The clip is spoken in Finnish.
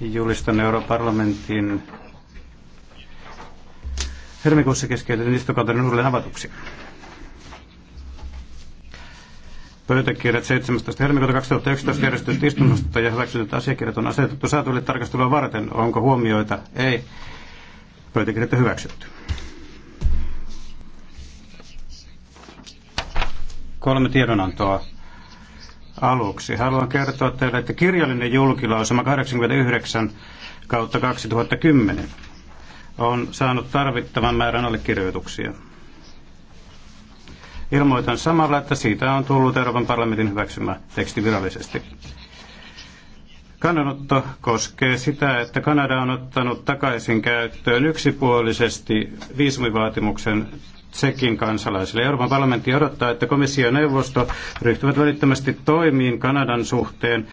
Julistan Euroopan parlamentin helmikuussa keskeytetyn istokauden uudelleen avatuksi. Pöytäkirjat 17. helmikuuta 2011 järjestetystä istunnosta ja hyväksytyt asiakirjat on asetettu saatuille tarkastelua varten. Onko huomioita? Ei. Pöytäkirjat on hyväksytty. Kolme tiedonantoa aluksi. Haluan kertoa teille, että kirjallinen julkilausuma 89 kautta 2010 on saanut tarvittavan määrän allekirjoituksia. Ilmoitan samalla, että siitä on tullut Euroopan parlamentin hyväksymä teksti virallisesti. Kannanotto koskee sitä, että Kanada on ottanut takaisin käyttöön yksipuolisesti viisumivaatimuksen Tsekin kansalaisille. Euroopan parlamentti odottaa, että komissio ja neuvosto ryhtyvät välittömästi toimiin Kanadan suhteen